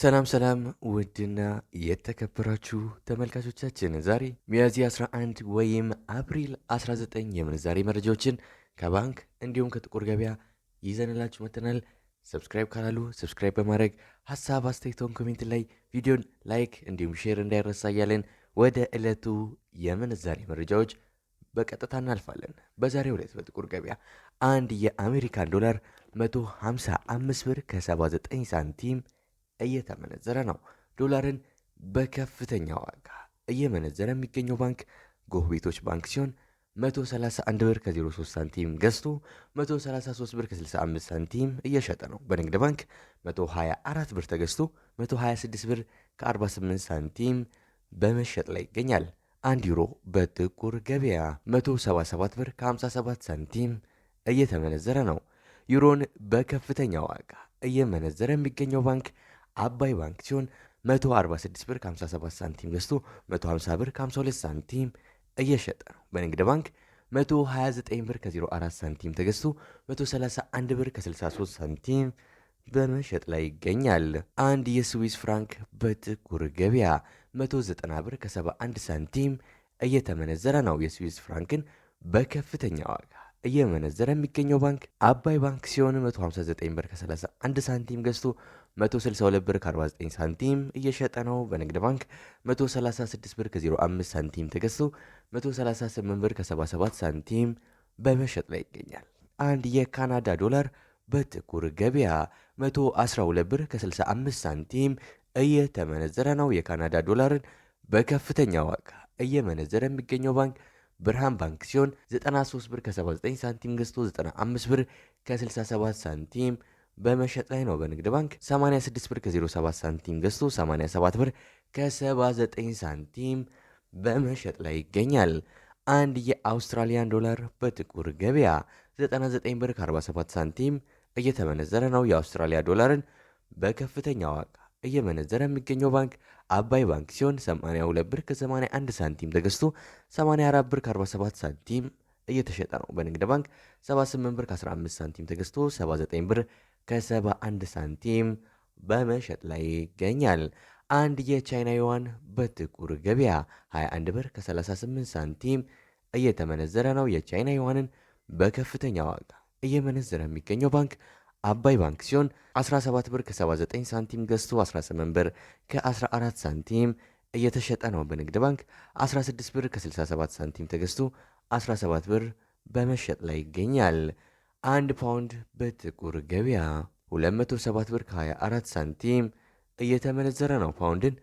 ሰላም ሰላም ውድና የተከበራችሁ ተመልካቾቻችን ዛሬ ሚያዝያ 11 ወይም አፕሪል 19 የምንዛሬ መረጃዎችን ከባንክ እንዲሁም ከጥቁር ገበያ ይዘንላችሁ መጥተናል። ሰብስክራይብ ካላሉ ሰብስክራይብ በማድረግ ሀሳብ አስተያየቶን ኮሜንት ላይ ቪዲዮን ላይክ እንዲሁም ሼር እንዳይረሳ እያለን ወደ ዕለቱ የምንዛሬ መረጃዎች በቀጥታ እናልፋለን። በዛሬው ዕለት በጥቁር ገበያ አንድ የአሜሪካን ዶላር 155 ብር ከ79 ሳንቲም እየተመነዘረ ነው። ዶላርን በከፍተኛ ዋጋ እየመነዘረ የሚገኘው ባንክ ጎህ ቤቶች ባንክ ሲሆን 131 ብር ከ03 ሳንቲም ገዝቶ 133 ብር ከ65 ሳንቲም እየሸጠ ነው። በንግድ ባንክ 124 ብር ተገዝቶ 126 ብር ከ48 ሳንቲም በመሸጥ ላይ ይገኛል። አንድ ዩሮ በጥቁር ገበያ 177 ብር ከ57 ሳንቲም እየተመነዘረ ነው። ዩሮን በከፍተኛ ዋጋ እየመነዘረ የሚገኘው ባንክ አባይ ባንክ ሲሆን 146 ብር 57 ሳንቲም ገዝቶ 150 ብር 52 ሳንቲም እየሸጠ ነው። በንግድ ባንክ 129 ብር ከ04 ሳንቲም ተገዝቶ 131 ብር ከ63 ሳንቲም በመሸጥ ላይ ይገኛል። አንድ የስዊስ ፍራንክ በጥቁር ገበያ 190 ብር ከ71 ሳንቲም እየተመነዘረ ነው። የስዊስ ፍራንክን በከፍተኛ ዋጋ እየመነዘረ የሚገኘው ባንክ አባይ ባንክ ሲሆን 159 ብር ከ31 ሳንቲም ገዝቶ 162 ብር ከ49 ሳንቲም እየሸጠ ነው። በንግድ ባንክ 136 ብር ከ05 ሳንቲም ተገዝቶ 138 ብር ከ77 ሳንቲም በመሸጥ ላይ ይገኛል። አንድ የካናዳ ዶላር በጥቁር ገበያ 112 ብር ከ65 ሳንቲም እየተመነዘረ ነው። የካናዳ ዶላርን በከፍተኛ ዋጋ እየመነዘረ የሚገኘው ባንክ ብርሃን ባንክ ሲሆን 93 ብር ከ79 ሳንቲም ገዝቶ 95 ብር ከ67 ሳንቲም በመሸጥ ላይ ነው። በንግድ ባንክ 86 ብር ከ07 ሳንቲም ገዝቶ 87 ብር ከ79 ሳንቲም በመሸጥ ላይ ይገኛል። አንድ የአውስትራሊያን ዶላር በጥቁር ገበያ 99 ብር ከ47 ሳንቲም እየተመነዘረ ነው። የአውስትራሊያ ዶላርን በከፍተኛ ዋጋ እየመነዘረ የሚገኘው ባንክ አባይ ባንክ ሲሆን 82 ብር ከ81 ሳንቲም ተገዝቶ 84 ብር ከ47 ሳንቲም እየተሸጠ ነው። በንግድ ባንክ 78 ብር ከ15 ሳንቲም ተገዝቶ 79 ብር ከ71 ሳንቲም በመሸጥ ላይ ይገኛል። አንድ የቻይና ዩዋን በጥቁር ገበያ 21 ብር ከ38 ሳንቲም እየተመነዘረ ነው። የቻይና ዩዋንን በከፍተኛ ዋጋ እየመነዘረ የሚገኘው ባንክ አባይ ባንክ ሲሆን 17 ብር ከ79 ሳንቲም ገዝቶ 18 ብር ከ14 ሳንቲም እየተሸጠ ነው። በንግድ ባንክ 16 ብር ከ67 ሳንቲም ተገዝቶ 17 ብር በመሸጥ ላይ ይገኛል። አንድ ፓውንድ በጥቁር ገበያ 207 ብር ከ24 ሳንቲም እየተመነዘረ ነው። ፓውንድን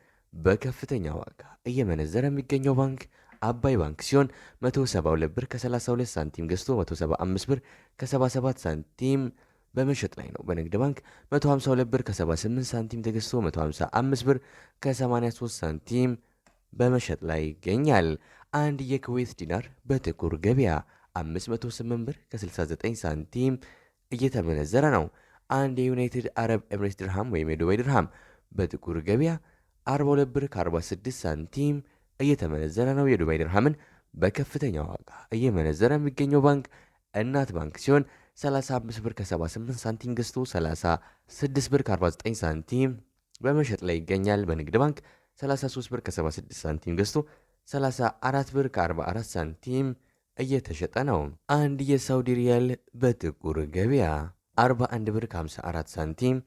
በከፍተኛ ዋጋ እየመነዘረ የሚገኘው ባንክ አባይ ባንክ ሲሆን 172 ብር ከ32 ሳንቲም ገዝቶ 175 ብር ከ77 ሳንቲም በመሸጥ ላይ ነው። በንግድ ባንክ 152 ብር ከ78 ሳንቲም ተገዝቶ 155 ብር ከ83 ሳንቲም በመሸጥ ላይ ይገኛል። አንድ የኩዌት ዲናር በጥቁር ገበያ 508 ብር ከ69 ሳንቲም እየተመነዘረ ነው። አንድ የዩናይትድ አረብ ኤምሬት ድርሃም ወይም የዱባይ ድርሃም በጥቁር ገበያ 42 ብር ከ46 ሳንቲም እየተመነዘረ ነው። የዱባይ ድርሃምን በከፍተኛ ዋጋ እየመነዘረ የሚገኘው ባንክ እናት ባንክ ሲሆን 35 ብር ከ78 ሳንቲም ገዝቶ 36 ብር ከ49 ሳንቲም በመሸጥ ላይ ይገኛል። በንግድ ባንክ 33 ብር ከ76 ሳንቲም ገዝቶ 34 ብር ከ44 ሳንቲም እየተሸጠ ነው። አንድ የሳውዲ ሪያል በጥቁር ገበያ 41 ብር ከ54 ሳንቲም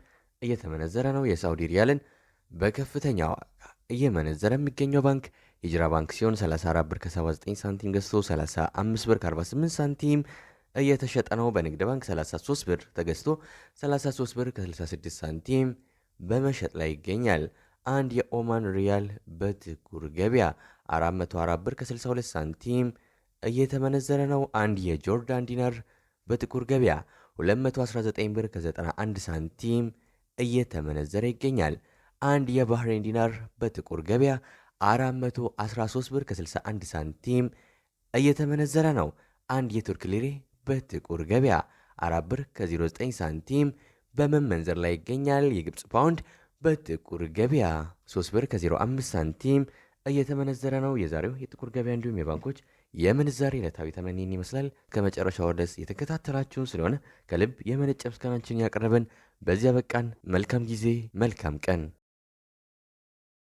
እየተመነዘረ ነው። የሳውዲ ሪያልን በከፍተኛ እየመነዘረ የሚገኘው ባንክ ሂጅራ ባንክ ሲሆን 34 ብር ከ79 ሳንቲም ገዝቶ 35 ብር ከ48 ሳንቲም እየተሸጠ ነው። በንግድ ባንክ 33 ብር ተገዝቶ 33 ብር ከ66 ሳንቲም በመሸጥ ላይ ይገኛል። አንድ የኦማን ሪያል በጥቁር ገበያ 404 ብር ከ62 ሳንቲም እየተመነዘረ ነው። አንድ የጆርዳን ዲናር በጥቁር ገበያ 219 ብር ከ91 ሳንቲም እየተመነዘረ ይገኛል። አንድ የባህሬን ዲናር በጥቁር ገበያ 413 ብር ከ61 ሳንቲም እየተመነዘረ ነው። አንድ የቱርክ ሊሬ በጥቁር ገበያ 4 ብር ከ09 ሳንቲም በመመንዘር ላይ ይገኛል። የግብፅ ፓውንድ በጥቁር ገበያ 3 ብር ከ05 ሳንቲም እየተመነዘረ ነው። የዛሬው የጥቁር ገበያ እንዲሁም የባንኮች የምንዛሬ ዕለታዊ ተመንን ይመስላል። ከመጨረሻው ድረስ የተከታተላችሁን ስለሆነ ከልብ የመነጨ ምስጋናችን ያቀረብን በዚያ በቃን። መልካም ጊዜ፣ መልካም ቀን